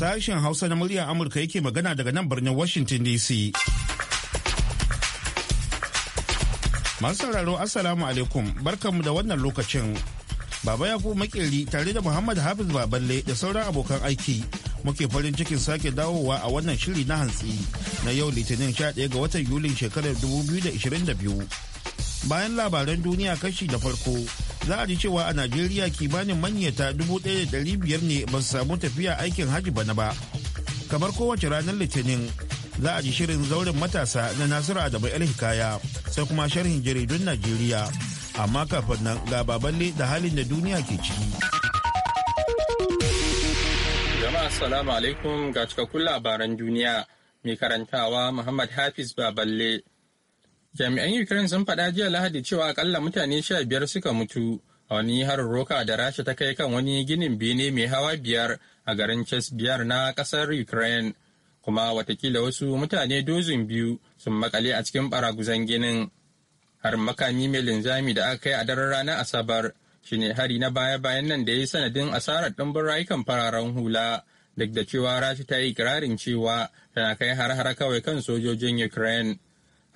Sashen Hausa na murya Amurka yake magana daga nan birnin Washington DC. Masu sauraro Assalamu alaikum barkanmu da wannan lokacin. Baba Yakubu Makeri tare da Muhammad Hafiz Baballe da sauran abokan aiki muke farin cikin sake dawowa a wannan shiri na hantsi na yau Litinin 11 ga watan Yulin shekarar 2022. bayan labaran duniya kashi da farko za a ji cewa a najeriya kimanin manyata biyar ne ba su samu tafiya aikin hajji bana ba kamar kowace ranar litinin za a ji shirin zauren matasa na nasiru adamu el hikaya sai kuma sharhin jaridun najeriya amma kafin nan ga baballe da halin da duniya ke ciki jama'a assalamu alaikum ga cikakkun labaran duniya mai karantawa muhammad hafiz baballe Jami'an Ukraine sun faɗa jiya Lahadi cewa akalla mutane sha biyar suka mutu a wani harin roka da Rasha ta kai kan wani ginin bene mai hawa biyar a garin biyar na ƙasar Ukraine. Kuma watakila wasu mutane dozin biyu sun makale a cikin baraguzan ginin. har makami mai linzami da aka kai a daren ranar Asabar shine hari na baya-bayan nan da ya yi sanadin asarar ɗumbin rayukan fararen hula. Duk da cewa Rasha ta yi ikirarin cewa tana kai har-har kawai kan sojojin Ukraine.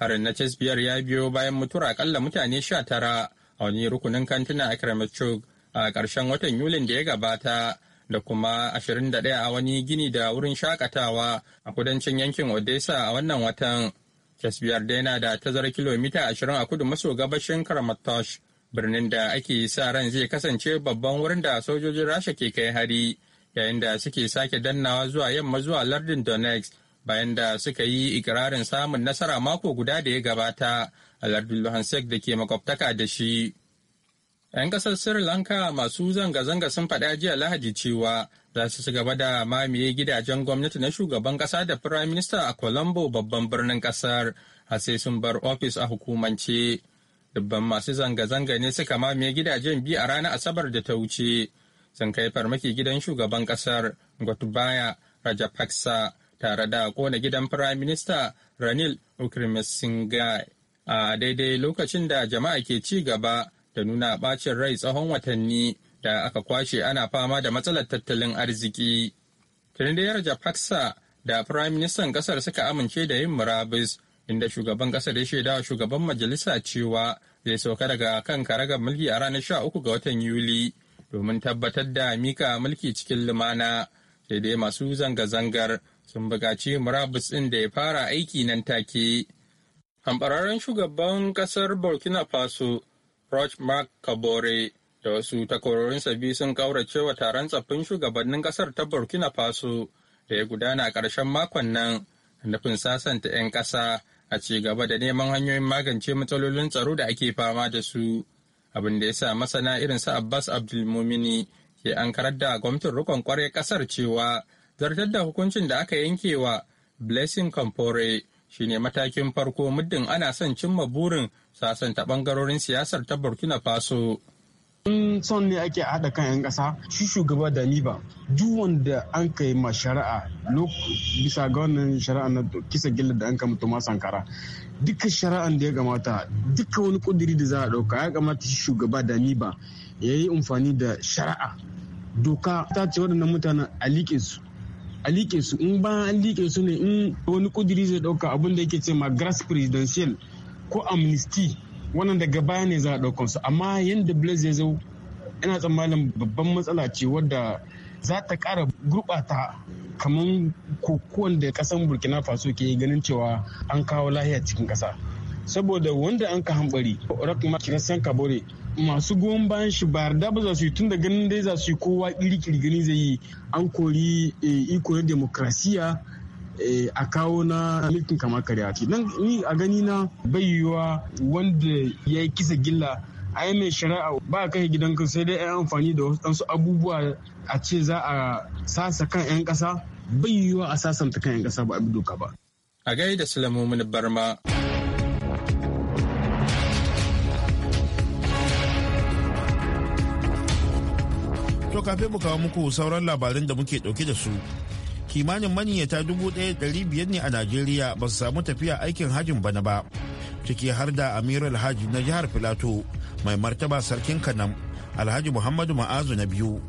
harin na biyar ya biyo bayan mutuwar akalla mutane sha tara a wani rukunin kantina a Kremachug a ƙarshen watan Yulin da ya gabata da kuma 21 a wani gini da wurin shakatawa a kudancin yankin Odessa a wannan watan. biyar dai na da tazar kilomita 20 a kudu maso gabashin Kramatorsk birnin da ake sa ran zai kasance babban wurin da sojojin Rasha ke kai hari yayin da suke sake dannawa zuwa yamma zuwa lardin Donetsk bayan da suka yi ikirarin samun nasara mako guda da ya gabata a lardin Luhansk da ke makwabtaka da shi. 'Yan ƙasar Sri Lanka masu zanga-zanga sun faɗa jiya Lahadi cewa za su gaba da mamaye gidajen gwamnati na shugaban ƙasa da Firayim Minista a Colombo babban birnin ƙasar, har sai sun bar ofis a hukumance. Dubban masu zanga-zanga ne suka mamaye gidajen biyu a ranar Asabar da ta wuce. Sun kai farmaki gidan shugaban ƙasar Gotubaya Rajapaksa tare da kona gidan Firayim Minista Ranil Wickremesinghe a daidai lokacin da jama'a ke ci gaba da nuna bacin rai tsawon watanni da aka kwashe ana fama da matsalar tattalin arziki. Trinidad Japaksa da Firayim Ministan kasar suka amince da yin murabus inda shugaban kasar ya shaidawa shugaban majalisa cewa zai sauka daga kan karagar mulki a ranar 13 ga watan Yuli domin tabbatar da mika mulki cikin lumana. sai dai masu zanga-zangar sun bukaci murabus ɗin da ya fara aiki nan take. Hambararren shugaban ƙasar Burkina Faso, Roch Mark Kabore, da wasu takwarorin biyu sun ƙaurace wa taron tsaffin shugabannin ƙasar ta Burkina Faso da ya gudana ƙarshen makon nan, nufin sasanta 'yan ƙasa a cigaba da neman hanyoyin magance matsalolin tsaro da ake fama da su. Abin da ya sa masana irin su Abbas Abdulmumini ke ankarar da gwamnatin rikon ƙwarai ƙasar cewa Zartar da hukuncin da aka yanke wa Blessing kamfore shine matakin farko muddin ana son cimma burin sasanta bangarorin siyasar ta Burkina Faso. in son ne ake haɗa kan 'yan kasa shi shugaba da ni ba duk wanda an kai ma shari'a bisa ga wannan shari'a na kisa gilla da an kama tuma sankara duka shari'an da ya kamata duka wani kudiri da za a ɗauka ya kamata shi shugaba da ni ba ya yi amfani da shari'a doka ta ce waɗannan mutanen a liƙe su a liƙe su in ba an liƙe su ne in wani ƙudiri zai ɗauka abin da yake ce ma grass presidential ko amnesty wannan daga baya ne za a ɗaukan su amma yadda blaze ya zo yana tsammanin babban matsala ce wadda za ta ƙara gurɓata kamar kokowar da ƙasar burkina faso ke ganin cewa an kawo lahiya cikin ƙasa saboda wanda an ka hambari rock mark san kabore masu goyon bayan shi ba yarda ba za su yi tun da ganin dai za su yi kowa iri gani zai yi an kori eh, iko na demokrasiya eh, a kawo na mulkin kama karya ce nan ni a gani na bai wanda ya yi kisa gilla a yi mai shari'a ba kai gidan kan sai dai yan amfani da wasu abubuwa a ce za a sasa kan yan kasa bai a sasanta kan yan kasa ba a bi doka ba a gaida sulamomin barma kafin mu kawo muku sauran labarin da muke dauke da su. Kimanin maniyyata dubu ɗaya ɗari biyar ne a Najeriya ba su samu tafiya aikin hajin bana ba. Ciki har da Amir Alhaji na jihar Filato mai martaba sarkin Kanam Alhaji Muhammadu Ma'azu na biyu.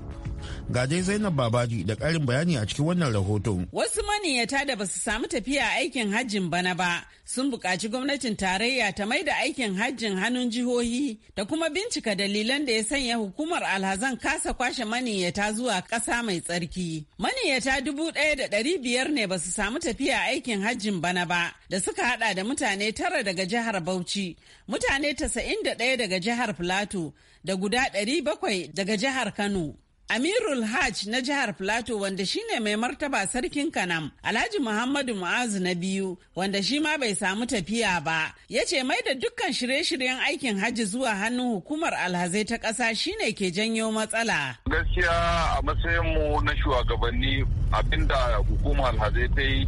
Ga dai Zainab Babaji da ƙarin bayani a cikin wannan rahoton. Wasu maniyata da su samu tafiya aikin hajjin bana ba sun buƙaci gwamnatin tarayya ta mai da aikin hajjin hannun jihohi da kuma bincika dalilan da ya sanya hukumar alhazan kasa kwashe maniyata zuwa ƙasa mai tsarki. Maniyata dubu ɗaya da ɗari biyar ne ba su samu tafiya aikin hajjin bana ba da suka haɗa da mutane tara daga jihar Bauchi, mutane tasa'in da ɗaya daga jihar Filato da guda ɗari bakwai daga jihar Kano. Amirul Hajj na jihar Plateau wanda shine mai martaba sarkin Kanam, Alhaji Muhammadu Mu'azu na biyu wanda shi ma bai samu tafiya ba, ya ce mai da dukkan shirye-shiryen aikin hajji zuwa hannun hukumar alhazai ta ƙasa shine ke janyo matsala. Gaskiya a matsayinmu na shugabanni abinda hukumar alhazai ta yi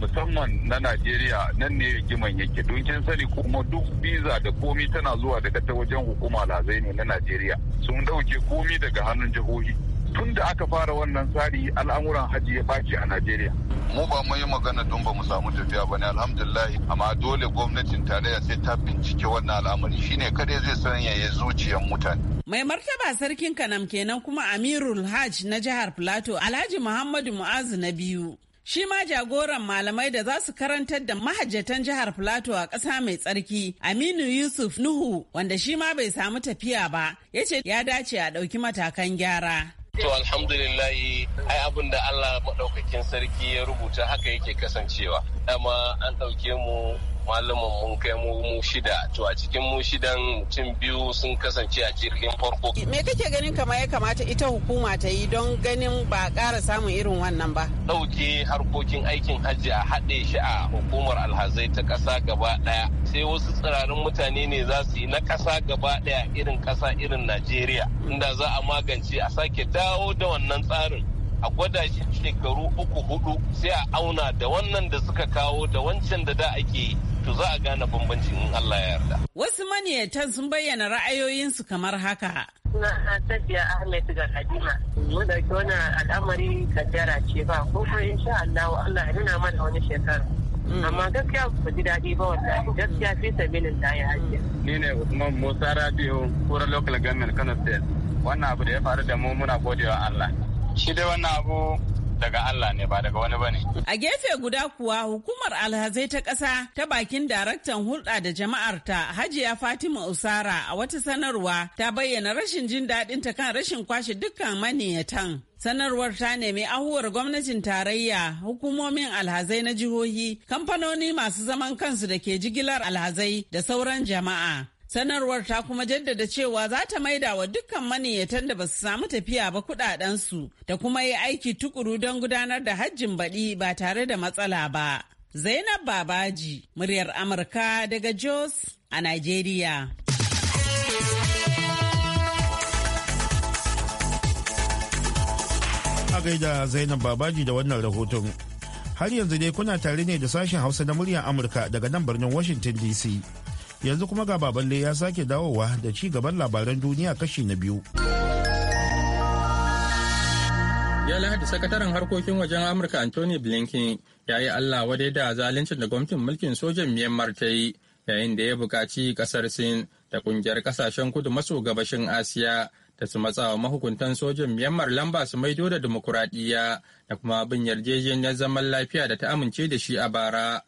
musamman na najeriya nan ne giman yake don kin sani kuma duk visa da komi tana zuwa daga ta wajen hukuma lazai na najeriya sun dauke komi daga hannun jihohi tun da aka fara wannan tsari al'amuran hajji ya baki a najeriya mu ba mu yi magana don ba mu samu tafiya ba ne alhamdulillah amma dole gwamnatin tarayya sai ta bincike wannan al'amari shine kada zai san sanyaya zuciyar mutane mai martaba sarkin kanam kenan kuma amirul hajj na jihar plateau alhaji muhammadu mu'azu na biyu Shi ma jagoran malamai da za su karantar da mahajjatan jihar Filato a ƙasa mai tsarki, Aminu Yusuf Nuhu, wanda shi ma bai samu tafiya ba, ya ce ya dace a ɗauki matakan gyara. To alhamdulillahi ai abin da Allah maɗaukakin sarki ya rubuta haka yake kasancewa. Dama an ɗauke mu malamin mun kai mu mu shida to a cikin mu shidan mutum biyu sun kasance a jirgin farko me kake ganin kamar ya kamata ita hukuma ta yi don ganin ba ƙara samun irin wannan ba ɗauke harkokin aikin hajji a haɗe shi a hukumar alhazai ta ƙasa gaba ɗaya sai wasu tsirarin mutane ne za su yi na ƙasa gaba ɗaya irin ƙasa irin najeriya inda za a magance a sake dawo da wannan tsarin a gwada shi shekaru uku hudu sai a auna da wannan da suka kawo da wancan da da ake yi to za a gane bambanci in Allah ya yarda. Wasu maniyatan sun bayyana ra'ayoyinsu kamar haka. Suna na tafiya Ahmed ga Kadima. Mun ɗauki wannan al'amari kaddara ce ba ko kuma insha Allah Allah ya nuna mana wani shekara. Mm. amma gaskiya ba ji daɗi ba wanda gaskiya fi sabilin ta yi hajiya. Ni ne Usman Musa Rabiu, Kura Local Government Kano State. Wannan abu da ya faru da mu muna godewa Allah. Shi dai wannan abu daga Allah ne ba daga wani bane. A gefe guda kuwa hukumar alhazai ta ƙasa ta bakin daraktan hulɗa da jama'ar ta Hajiya Fatima Usara a wata sanarwa ta bayyana rashin jin daɗin ta kan rashin kwashe dukkan maniyatan. Sanarwar ta nemi ahuwar gwamnatin tarayya, hukumomin alhazai na jihohi, kamfanoni masu zaman kansu da ke jigilar alhazai da sauran jama'a. Sanarwar ta kuma jaddada cewa za ta maida wa dukkan maniyyatan da ba su samu tafiya ba su da kuma yi aiki tukuru don gudanar da hajjin baɗi ba tare da matsala ba. Zainab Babaji, muryar Amurka daga Jos a nigeria. A gaida Zainab Babaji da wannan rahoton. Har yanzu dai kuna tare ne da sashen Hausa na muryar Amurka daga nan birnin Washington DC. yanzu kuma ga baballe ya sake dawowa da ci gaban labaran duniya kashi na biyu ya lahadi sakataren harkokin wajen amurka anthony blinken ya yi allah wadai da zaluncin da gwamnatin mulkin sojan myanmar ta yi yayin da ya bukaci ƙasar sin da ƙungiyar ƙasashen kudu maso gabashin asiya da su matsawa mahukuntan sojan myanmar lamba su maido da dimokuraɗiyya da kuma bin yarjejeniyar zaman lafiya da ta amince da shi a bara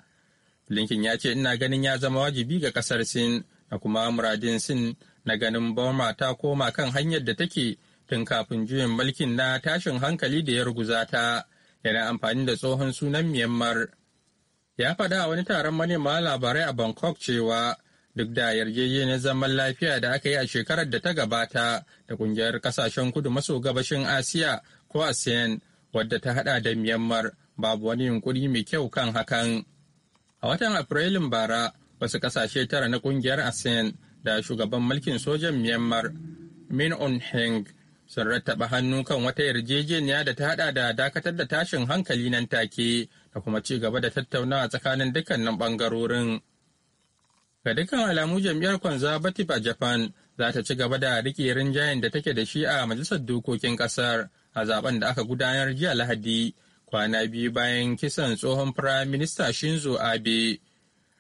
Blinken ya ce ina ganin ya zama wajibi ga kasar Sin da kuma muradin Sin na ganin Burma ta koma kan hanyar da take tun kafin juyin mulkin na tashin hankali da ya ruguza ta yana amfani da tsohon sunan Myanmar. Ya faɗa a wani taron manema labarai a Bangkok cewa duk da yarjejeniyar zaman lafiya da aka yi a shekarar da ta gabata da kungiyar kasashen kudu maso gabashin Asiya ko ASEAN wadda ta hada da Myanmar babu wani yunkuri mai kyau kan hakan. A watan Afrilun bara, wasu kasashe tara na kungiyar ASEAN da shugaban mulkin sojan Myanmar Min Aung Hlaing sun rattaba hannu kan wata yarjejeniya da ta hada da dakatar da tashin hankali nan take da kuma ci gaba da tattaunawa tsakanin dukkanin bangarorin. Ga dukkan alamu jam'iyyar Conservative a Japan za ta ci gaba da rike rinjayen da take da shi a majalisar dokokin kasar a zaben da aka gudanar jiya Lahadi kwana biyu bayan kisan tsohon firaminista Shinzo Abe.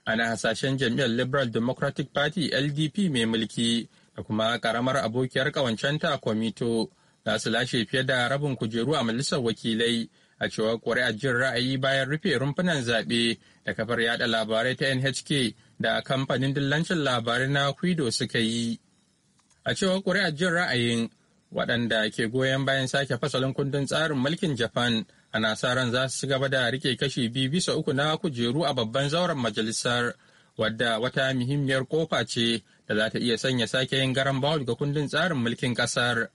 Ana hasashen jam'iyyar Liberal Democratic Party LDP mai mulki da kuma karamar abokiyar ta komito za su lashe fiye da rabin kujeru a majalisar wakilai a cewar ƙuri'ar jin ra'ayi bayan rufe rumfunan zaɓe da kafar yada labarai ta NHK da kamfanin dillancin labarai na Kwido suka yi. A cewar ƙuri'ar jin ra'ayin waɗanda ke goyon bayan sake fasalin kundin tsarin mulkin Japan ana sa ran za su gaba da rike kashi biyu bisa uku na kujeru a babban zauren majalisar wadda wata muhimmiyar kofa ce da za ta iya sanya sake yin garan bawul ga kundin tsarin mulkin kasar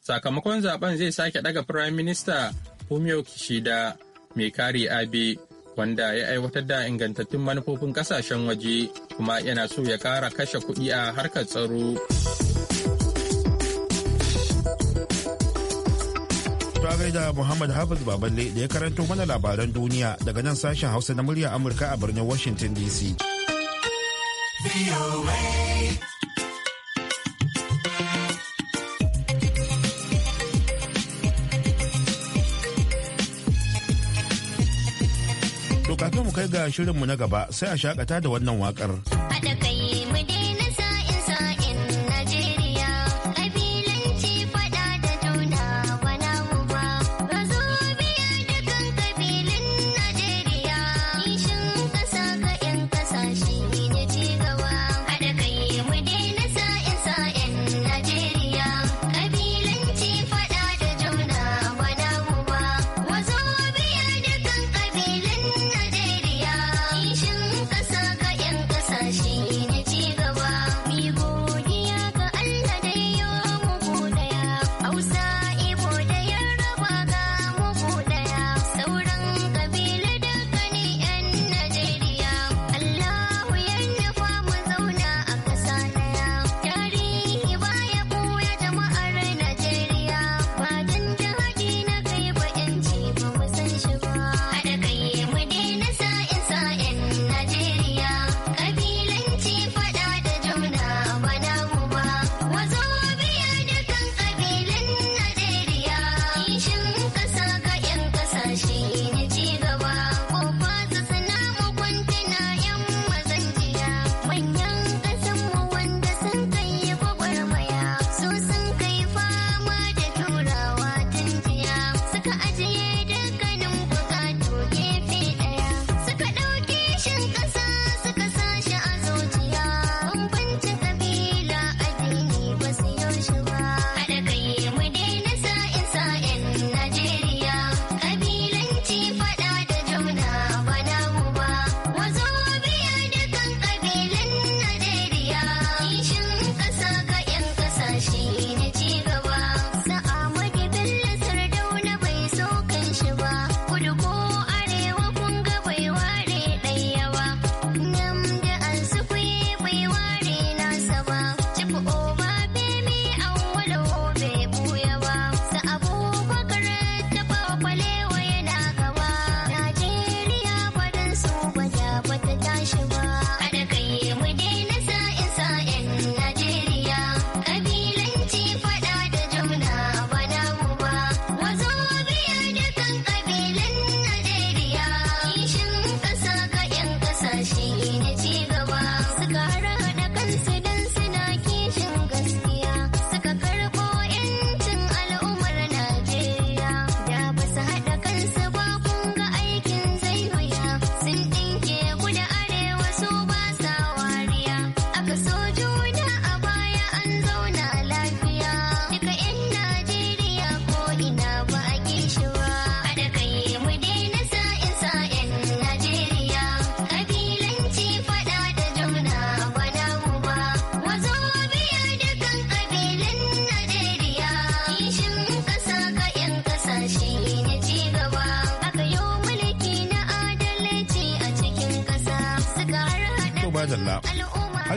sakamakon zaben zai sake daga prime minister fumio kishida mai kari abe wanda ya aiwatar da ingantattun manufofin kasashen waje kuma yana so ya kara kashe kuɗi a harkar tsaro. da Muhammad Hafiz Baballe da ya karanto mana labaran duniya daga nan sashen Hausa na murya Amurka a birnin Washington DC. To kafin mu kai ga shirinmu na gaba sai a shakata da wannan wakar.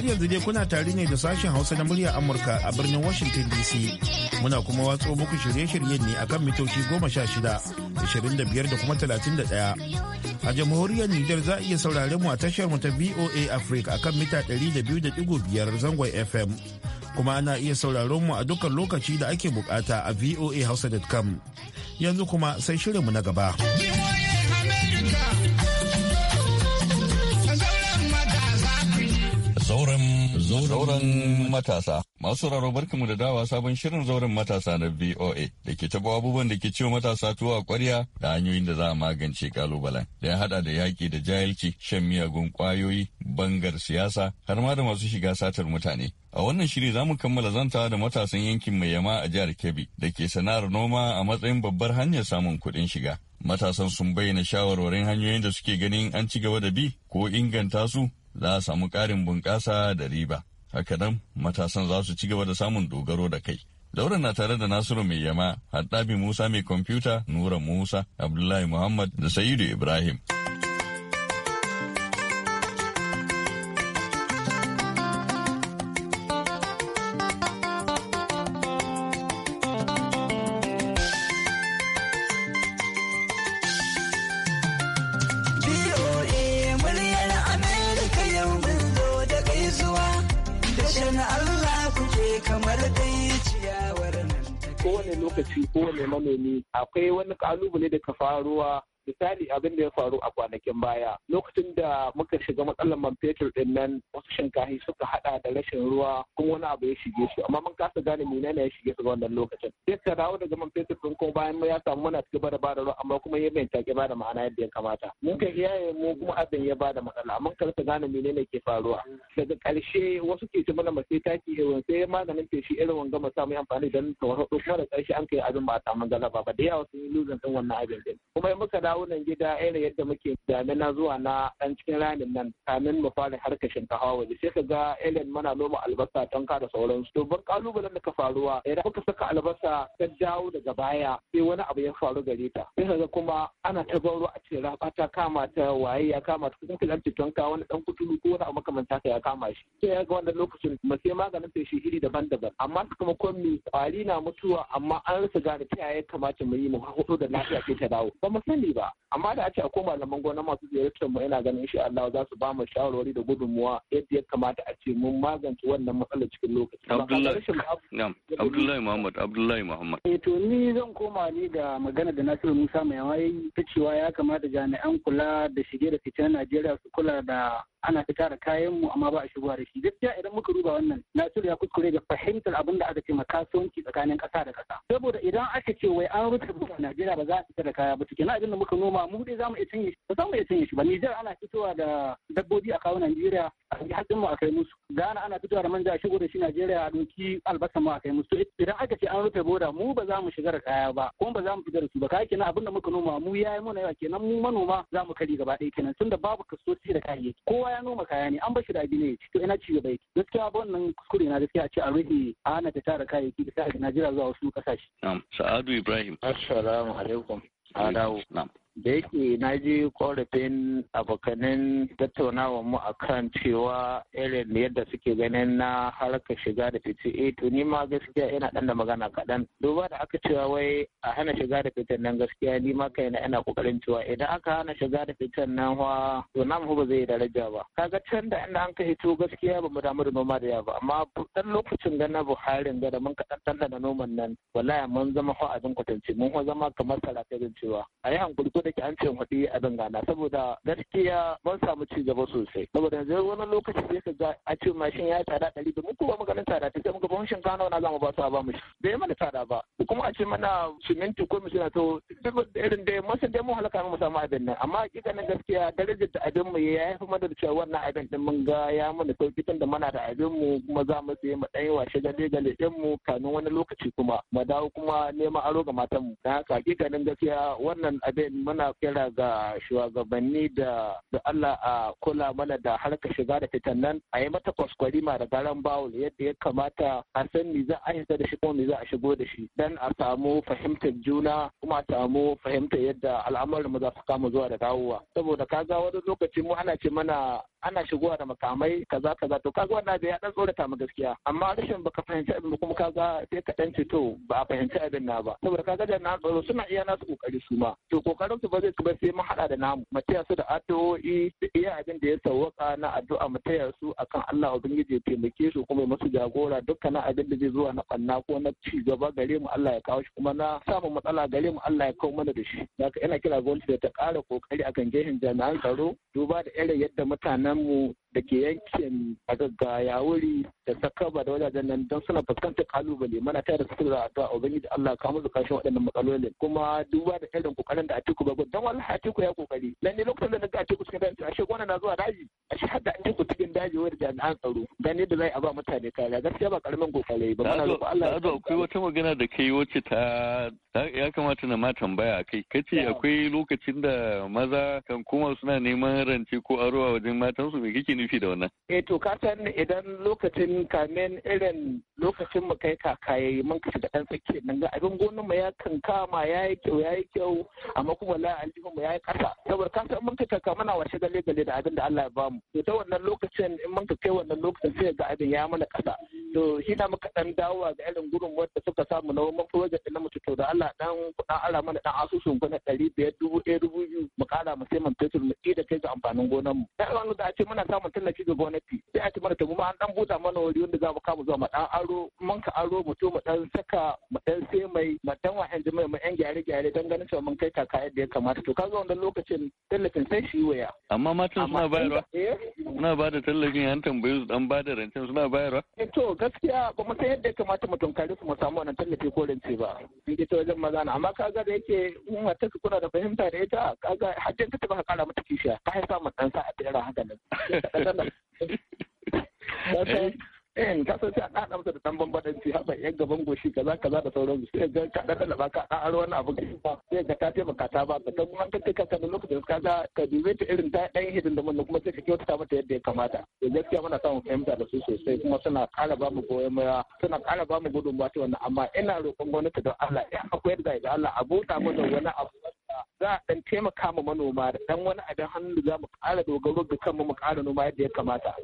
har yanzu dai kuna tare ne da sashen hausa na murya amurka a birnin washington dc muna kuma watso muku shirye-shiryen ne akan mitoci goma sha shida 25 da kuma 31 a jamhuriyar nijar za a iya saurare mu a tashar mu ta voa africa akan mita biyar zangon fm kuma ana iya sauraron mu a dukkan lokaci da ake bukata a voahausa.com yanzu kuma sai shirinmu na gaba. Zauren matasa. Masu raro barkamu da dawa sabon shirin zauren matasa na VOA da ke tabo abubuwan da ke ciwo matasa tuwa kwarya da hanyoyin da za a magance kalubalen. Da ya hada da yaƙi da jahilci, shan miyagun ƙwayoyi, bangar siyasa, har ma da masu shiga satar mutane. A wannan shiri za mu kammala zanta da matasan yankin mai yama a jihar Kebbi da ke sana'ar noma a matsayin babbar hanyar samun kuɗin shiga. Matasan sun bayyana shawarwarin hanyoyin da suke ganin an ci gaba da bi ko inganta su za a samu ƙarin bunƙasa da riba. Haka nan matasan za su ci gaba da samun dogaro da kai. Lauren na tare da Nasiru mai yama, Haddabi Musa mai kwamfuta, Nura Musa, Abdullahi Muhammad da Sayyidu Ibrahim. kamar dai ciyawar nan kowane lokaci kowane manomi akwai wani kalubale da ka faruwa misali abin da ya faru a kwanakin baya lokacin da muka shiga matsalar man fetur din nan wasu shinkahi suka hada da rashin ruwa kuma wani abu ya shige su amma mun kasa gane menene ya shige su wannan lokacin sai ka dawo daga man fetur din kuma bayan ya samu muna ci gaba bada ruwa amma kuma ya bai take bada ma'ana yadda ya kamata mun kai iyaye mu kuma abin ya bada matsala amma kasa gane menene ke faruwa daga karshe wasu ke ci mana masai taki irin sai maganin feshi irin wanga mu samu amfani da tawar kuma da karshe an kai abin ba a samu galaba ba da yawa sun yi lulun din wannan abin din kuma muka dawo shawunan gida irin yadda muke damina zuwa na ɗan cikin ranin nan kamin mu fara harkar shinkafa waje sai ka ga irin mana noma albasa don da sauransu to ban kalubalen da ka faruwa idan ka saka albasa ta jawo daga baya sai wani abu ya faru gare ta sai ka ga kuma ana ta a ce rafa ta kama ta waye ya kama ta kuma kilanci ka wani ɗan kutulu ko wani abu makamanta ka ya kama shi sai ya ga wannan lokacin mu sai maganin shi iri daban-daban amma sakamakon mi kwari na mutuwa amma an rasa gane ta yaya kamata mu yi mu hudu da lafiya ce ta dawo ba mu sani ba ba amma da ake akwai malaman gona masu ziyartar mu yana ganin shi Allah za su ba mu shawarwari da gudunmuwa yadda ya kamata a ce mun magance wannan matsalar cikin lokaci Abdullahi Muhammad Abdullahi Muhammad eh to ni zan koma ne ga magana da Nasiru Musa mai yayi ta cewa ya kamata jami'an kula da shige da na Najeriya su kula da ana fita da kayan mu amma ba a shigowa da shi gaskiya idan muka duba wannan Nasiru ya kuskure da fahimtar abin da aka ce ma kasuwanci tsakanin ƙasa da ƙasa saboda idan aka ce wai an rufe Najeriya ba za a fita da kaya ba cikin na idan muka aka noma mu dai za mu iya cinye shi ba za mu iya cinye shi ba Nijar ana fitowa da dabbobi a kawo Najeriya a yi haɗin mu a kai musu Ghana ana fitowa da manja a shigo da shi Najeriya a ɗauki albasa mu a kai musu idan aka ce an rufe boda mu ba za mu shiga da kaya ba ko ba za mu fitar da su ba kaya kenan abinda muka noma mu yayi mana yawa kenan mu manoma za mu kari gaba ɗaya kenan tunda babu kasoci da kayayyaki kowa ya noma kaya ne an bashi da abin ne to ina ci gaba yake gaskiya ba wannan kuskure na gaskiya a ce a rufe a hana ta tara kayayyaki da ta Najeriya zuwa wasu kasashe. Sa'adu Ibrahim. Assalamu alaikum. Adawu. Na'am. da yake na ji korafin abokanin tattaunawa mu a kan cewa irin yadda suke ganin na harkar shiga da fice E, to ni ma gaskiya ina dan da magana kaɗan duba da aka cewa wai a hana shiga da fitan nan gaskiya ni ma kaina ina kokarin cewa idan aka hana shiga da fitan nan wa to mu ba zai daraja ba kaga can da inda an ka hito gaskiya ba mu damu da noma da yawa amma dan lokacin da na gada da mun kaɗan dan da noman nan wallahi mun zama fa abin kwatance mun zama kamar talatin cewa a yi hankuri da ke an ce maɗi a dangana saboda gaskiya ban samu ci gaba sosai saboda yanzu wani lokaci sai ka ga a ce mashin ya tsada ɗari da mu kuma maganin tsada ta muka ban kano na za ba su a ba mu ya mana tsada ba kuma a ce mana siminti ko misina to irin dai masu dai mun halaka mu samu abin nan amma ganin gaskiya darajar da abin mu ya haifi mana da cewa wannan abin din mun ga ya mana sauki tun da mana da abin mu kuma za mu sayi mu ɗan washe shiga dai gale ɗin mu kamin wani lokaci kuma mu dawo kuma neman aro ga matan mu da haka ganin gaskiya wannan abin muna kira ga shugabanni da da Allah a kula mana da harka shiga da fitan nan a yi mata kwaskwarima da garan bawul yadda ya kamata a san me za a shiga da shi ko me za a shigo da shi dan a samu fahimtar juna kuma a samu fahimtar yadda al'amuran mu za su kama zuwa da dawowa saboda kaga wani lokaci mu ana ce mana ana shigowa da makamai kaza kaza to kaga wannan da ya dan tsorata mu gaskiya amma rashin baka fahimci abin kuma kaga sai ka dan to ba a fahimci abin na ba saboda kaga da na tsoro suna iya nasu kokari su ma to kokarin su ba zai kuma sai mun hada da namu mu su da addu'o'i da iya abin da ya sawwaka na addu'a mu taya su akan Allah ubangiji ya taimake su kuma musu jagora na abin da zai zuwa na banna ko na ci gaba gare mu Allah ya kawo shi kuma na samu matsala gare mu Allah ya kawo mana da shi ina kira gwamnati da ta kara kokari akan gehen jami'an tsaro duba da irin yadda mutanen programu da ke yankin agagga ya wuri da sakaba da wajajen nan don suna fuskantar kalubale mana ta da suka da addu'a ubangiji Allah ka musu kashin waɗannan matsaloli. kuma duba da irin kokarin da Atiku ba don wallahi Atiku ya kokari nan ne lokacin da ga Atiku suka dace ashe gwana na zuwa daji ashe hadda Atiku cikin daji wani jami'an tsaro dan yadda zai aba mutane kariya gaskiya ba karamin kokari ba mana roƙo Allah ya akwai wata magana da kai wacce ta ya kamata na ma tambaya kai kace akwai lokacin da maza kan kuma suna neman rance ko aro wajen matansu me kike nufi da wannan? Eh to kasan idan lokacin kamen irin lokacin mu kai kaka yayi mun kashi da dan tsakiya nan ga abin gonan mu ya kankama ya yi kyau ya yi kyau amma kuma la aljihun mu ya yi kasa saboda kasan san mun kaka muna washe gale gale da abin da Allah ya bamu to ta wannan lokacin in mun kai wannan lokacin sai ga abin ya mana kasa to shi na muka dan dawowa ga irin gurin wanda suka samu na wannan project na mutu to da Allah dan kuɗa ara mana dan asusun kuna ɗari biyar dubu ɗaya dubu biyu mu ƙara mu sai man fetur mu da kai ga amfanin gonan mu da Allah da a ce muna samun tallafi ga gwamnati sai a ce mana to mu an dan buta mana wuri wanda za mu kama zuwa mu dan aro mun ka aro mu to mu dan saka mu dan sai mai mu dan wa yanzu mai mu yan gyare gyare dan ganin cewa mun kai kaka yadda ya kamata to kaga wannan lokacin tallafin sai shi waya amma matan suna bayarwa eh? suna ba da tallafin yan tambaye su dan ba da rancen suna bayarwa eh gaskiya ba mu san yadda ya kamata mu tunkari su mu samu wannan tallafi ko rance ba in ta wajen maza na amma kaga da yake in matar su kuna da fahimta da ita kaga hajjin ta ba ka kara mata kishiya ka haifa mu dan sa a tsira haka nan in ka san sai a ɗaɗa masa da ɗan bambadanci haba yan gaban goshi kaza kaza da sauran su sai ga ka da da baka a aro wani abu ba sai ga ta taimaka ta ba ka ta kuma ka kai ka lokacin ka ga ka dube ta irin ta ɗan hidin da mana kuma sai ka kyautata mata yadda ya kamata to gaskiya muna samun fahimta da su sosai kuma suna ƙara ba mu goyon baya suna ƙara ba mu gudunmawa ta wannan amma ina roƙon gwamnati don Allah in akwai yadda ga Allah a bota mu wani abu za a dan taimaka ma manoma da dan wani abin hannu za mu ƙara dogaro ga kanmu mu kara noma yadda ya kamata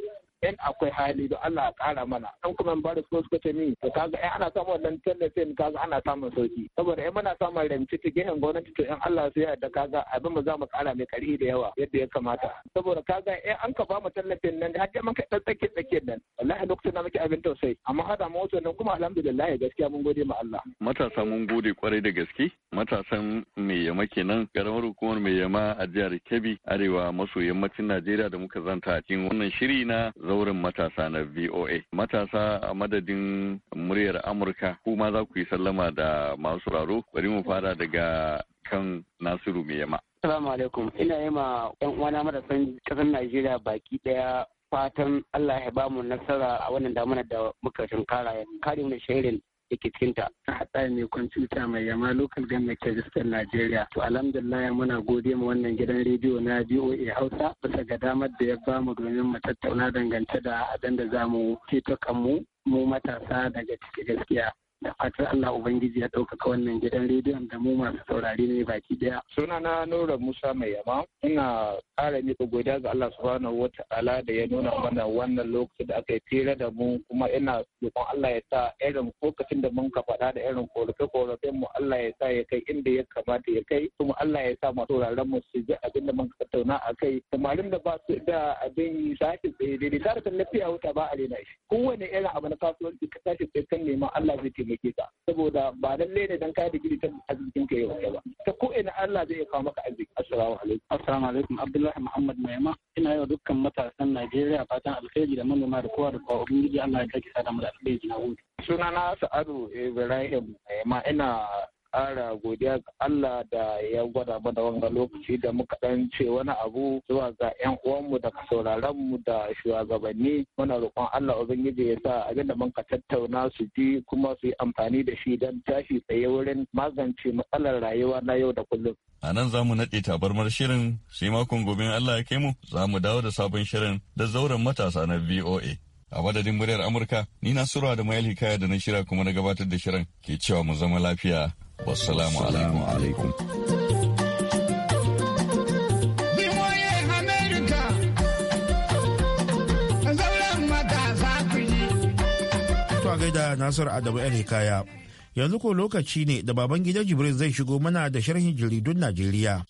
in akwai hali da Allah ya kara mana dan kuma ba da suka ce ni to kaga ai ana samun wannan tallafin kaga ana samun sauki saboda in muna samun rance ta gehen gwamnati to in Allah sai ya yarda kaga abin mu za mu kara mai kari da yawa yadda ya kamata saboda kaga in an ka ba mu tallafin nan har da mun kai dan tsake tsake nan wallahi lokacin da muke abin tausayi amma hada mu nan kuma alhamdulillah gaskiya mun gode ma Allah matasa mun gode kwarai da gaske matasan mai yama kenan karamar hukumar mai yama a jihar Kebbi arewa maso yammacin Najeriya da muka zanta a cikin wannan shiri na zauren matasa na VOA. Matasa a madadin muryar Amurka kuma za ku yi sallama da masu sauraro bari mu fara daga kan Nasiru mai yama. Assalamu alaikum ina yi ma 'yan uwana matasan kasar Najeriya baki ɗaya fatan Allah ya ba mu nasara a wannan damunar da muka shinkara ya kare mu da shirin yake cikinta ta haɗa mai kwamfuta mai yama local government register Najeriya. To alhamdulillah muna gode ma wannan gidan rediyo na BOA Hausa bisa ga damar da ya ba mu domin mu tattauna dangance da abin da za mu ce mu mu matasa daga ciki gaskiya. da fatar Allah Ubangiji ya ɗaukaka wannan gidan rediyon da mu masu saurari ne baki daya. Suna na Nura Musa mai yama ina ƙara miƙa godiya ga Allah subhanahu ta'ala da ya nuna mana wannan lokacin da aka yi fira da mu kuma ina roƙon Allah ya sa irin lokacin da mun ka faɗa da irin korafe-korafen mu Allah ya sa ya kai inda ya kamata ya kai kuma Allah ya sa masu sauraron mu su ji abin da mun ka tattauna a kai samarin da ba su da abin tashi tsaye daidai tare da lafiya wuta ba a rena shi kowane irin abu na kasuwanci ka tashi tsaye kan neman Allah zai taimake ka saboda ba lalle ne dan ka digiri ta arzikin ka yau ba ta ko ina Allah zai kawo maka arziki assalamu alaikum assalamu alaikum abdullahi muhammad maima ina yau dukkan matasan Najeriya fatan alkhairi da manoma da kowa da kowa ubangiji Allah ya kake sada mu da alkhairi na gudu sunana Sa'adu Ibrahim Maima ina ƙara godiya ga Allah da ya gwada mana wanga lokaci da muka dan ce wani abu zuwa ga yan uwanmu da sauraronmu mu da shugabanni muna roƙon Allah ubangiji ya sa abin da mun ka tattauna su ji kuma su yi amfani da shi dan tashi tsaye wurin magance matsalar rayuwa na yau da kullum. A nan za mu naɗe tabarmar shirin sai makon gobe Allah ya kai mu za mu dawo da sabon shirin da zauren matasa na VOA. A madadin muryar Amurka, ni na Sura da Mayal Hikaya da na shira kuma na gabatar da shirin ke cewa mu zama lafiya. Wassalamu alaikum. gaida Nasar Adamu yan hikaya. Yanzu ko lokaci ne da baban gida Jibril zai shigo mana da sharhin jaridun Najeriya.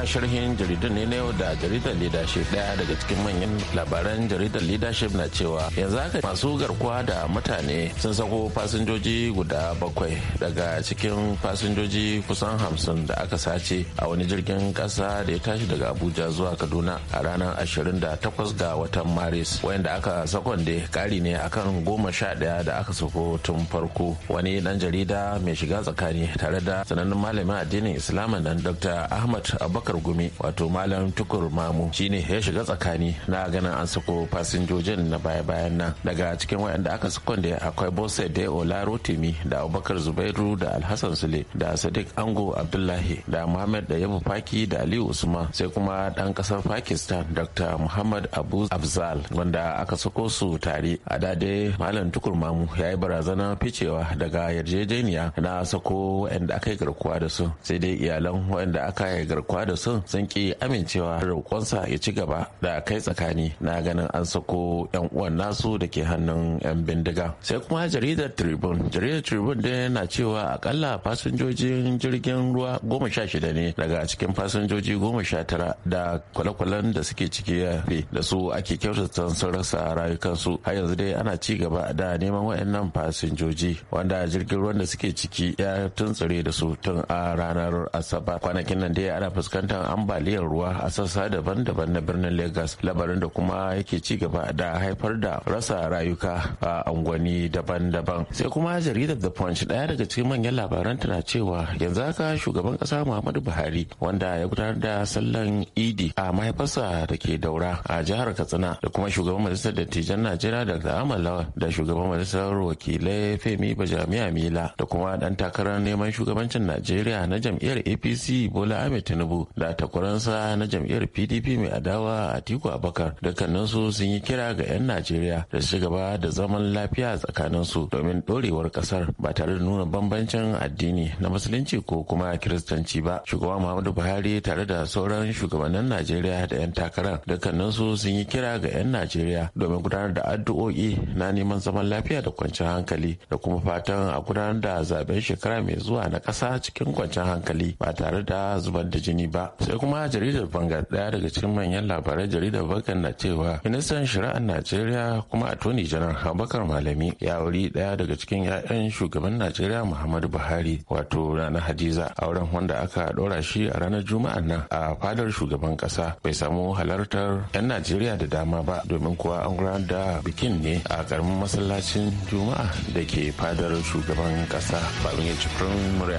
kammala sharhin jaridar ne na yau da jaridar leadership daya daga cikin manyan labaran jaridar leadership na cewa yanzu haka masu garkuwa da mutane sun sako fasinjoji guda bakwai daga cikin fasinjoji kusan hamsin da aka sace a wani jirgin kasa da ya tashi daga abuja zuwa kaduna a ranar ashirin da takwas ga watan maris wayanda aka da kari ne akan goma sha daya da aka sako tun farko wani dan jarida mai shiga tsakani tare da sanannen malamin addinin islam nan dr ahmad abubakar abubakar gumi wato malam tukur mamu shine ya shiga tsakani na ganin an sako fasinjojin na baya bayan nan daga cikin wayanda aka sako da akwai bose de olarotimi da abubakar zubairu da alhassan sule da sadiq ango abdullahi da muhammad da yabu faki da aliyu usman sai kuma ɗan kasar pakistan dr muhammad abu afzal wanda aka sako su tare a dade malam tukur mamu ya yi barazana ficewa daga yarjejeniya na sako waɗanda aka yi garkuwa da su sai dai iyalan da aka yi garkuwa da san sun ki amincewa roƙonsa ya ci gaba da kai tsakani na ganin an sako 'yan uwan nasu da ke hannun 'yan bindiga sai kuma jaridar tribune jaridar tribune da na cewa akalla fasinjojin jirgin ruwa goma sha shida ne daga cikin fasinjoji goma sha tara da kwale-kwalen da suke ciki ya fi da su ake kyautata sun rasa rayukansu har yanzu dai ana ci gaba da neman waɗannan fasinjoji wanda jirgin ruwan da suke ciki ya tuntsire da su tun a ranar asabar kwanakin nan dai ana fuskantar fuskantar ambaliyar ruwa a sassa daban-daban na birnin Legas labarin da kuma yake ci gaba da haifar da rasa rayuka a angwani daban-daban. Sai kuma jaridar The Punch daya daga cikin manyan labaran tana cewa yanzu haka shugaban kasa Muhammadu Buhari wanda ya gudanar da sallan Idi a mahaifarsa da ke daura a jihar Katsina da kuma shugaban majalisar dattijan Najeriya da Ahmad da shugaban majalisar wakilai Femi Bajamiya Mila da kuma dan takarar neman shugabancin Najeriya na jam'iyyar APC Bola Ahmed Tinubu da takwaransa na jam'iyyar pdp mai adawa a atiku abakar dukkaninsu sun yi kira ga 'yan najeriya da su gaba da zaman lafiya tsakaninsu domin dorewar kasar ba tare da nuna bambancin addini na musulunci ko kuma kiristanci ba shugaba muhammadu buhari tare da sauran shugabannin najeriya da 'yan takarar dukkaninsu sun yi kira ga 'yan najeriya domin gudanar da addu'o'i na neman zaman lafiya da kwanciyar hankali da kuma fatan a gudanar da zaben shekara mai zuwa na ƙasa cikin kwanciyar hankali ba tare da zubar da jini ba sai kuma jaridar banga daya daga cikin manyan labarai jaridar bakan na cewa ministan shari'ar najeriya kuma attorney general abubakar malami ya wuri daya daga cikin 'ya'yan shugaban najeriya muhammadu buhari wato rana hadiza auren wanda aka dora shi a ranar Juma'an nan a fadar shugaban kasa bai samu halartar 'yan najeriya da dama ba domin kuwa an gudanar da bikin ne a karamin masallacin juma'a da ke fadar shugaban kasa babin ya cikin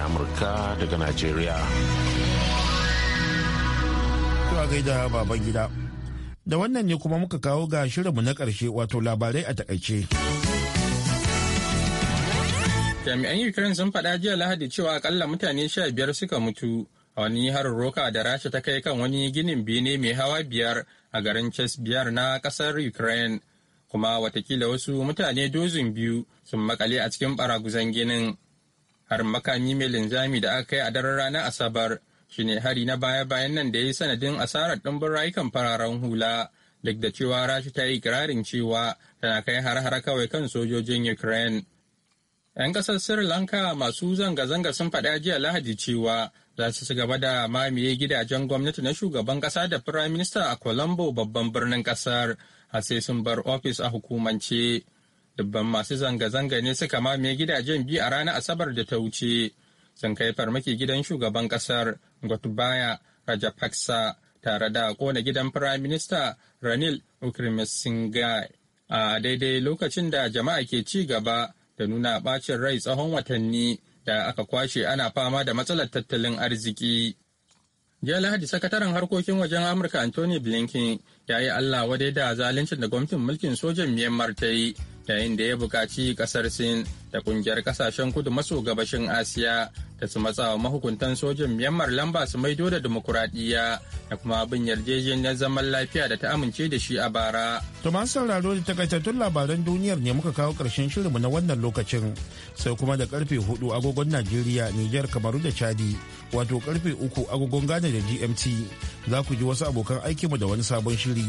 amurka daga najeriya zuwa gaida baban gida. Da wannan ne kuma muka kawo ga shirinmu na ƙarshe wato labarai a takaice. Jami'an Ukraine sun faɗa jiya Lahadi cewa akalla mutane sha biyar suka mutu a wani harin roka da Rasha ta kai kan wani ginin bene mai hawa biyar a garin Ches biyar na ƙasar Ukraine. Kuma watakila wasu mutane dozin biyu sun makale a cikin baraguzan ginin. har makami mai linzami da aka kai a daren ranar Asabar ne hari na baya-bayan nan da ya yi sanadin asarar ɗumbin rayukan fararen hula duk da cewa rashi ta yi ikirarin cewa tana kai har-har kawai kan sojojin ukraine 'yan ƙasar sri lanka masu zanga-zanga sun faɗa jiya lahadi cewa za su ci gaba da mamaye gidajen gwamnati na shugaban ƙasa da firayim minista a colombo babban birnin ƙasar har sai sun bar ofis a hukumance dubban masu zanga-zanga ne suka mamaye gidajen biyu a ranar asabar da ta wuce sun kai farmaki gidan shugaban ƙasar Gotabaya Rajapaksa tare da kona gidan Firaminista Ranil Wickremesinghe a daidai lokacin da jama'a ke ci gaba da nuna bacin rai tsawon watanni da aka kwashe ana fama da matsalar tattalin arziki. Jiya Lahadi sakataren harkokin wajen Amurka Anthony Blinken ya yi Allah wadai da zaluncin da gwamnatin mulkin sojan Myanmar ta yi yayin da ya buƙaci ƙasar sin da ƙungiyar ƙasashen kudu maso gabashin asiya da su matsawa mahukuntan sojin myanmar lamba su maido da dimokuraɗiyya da kuma abin yarjejeniyar zaman lafiya da ta amince da shi a bara. to masu sauraro da takaitattun labaran duniyar ne muka kawo ƙarshen shirinmu na wannan lokacin sai kuma da karfe hudu agogon najeriya niger kamaru da chadi wato karfe uku agogon ghana da gmt za ku ji wasu abokan aikinmu da wani sabon shiri.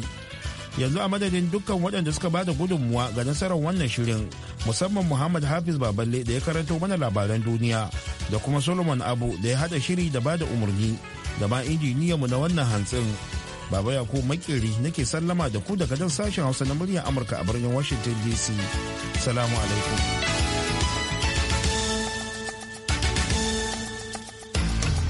yanzu a madadin dukkan waɗanda suka ba da gudunmuwa ga nasarar wannan shirin musamman muhammad hafiz baballe da ya karanto mana labaran duniya da kuma solomon abu da ya haɗa shiri da ba da umarni da ma injiniyanmu na wannan hantsin baba yakubu makiri nake sallama da ku daga dan sashen hausa na muryar amurka a birnin washington dc salamu alaikum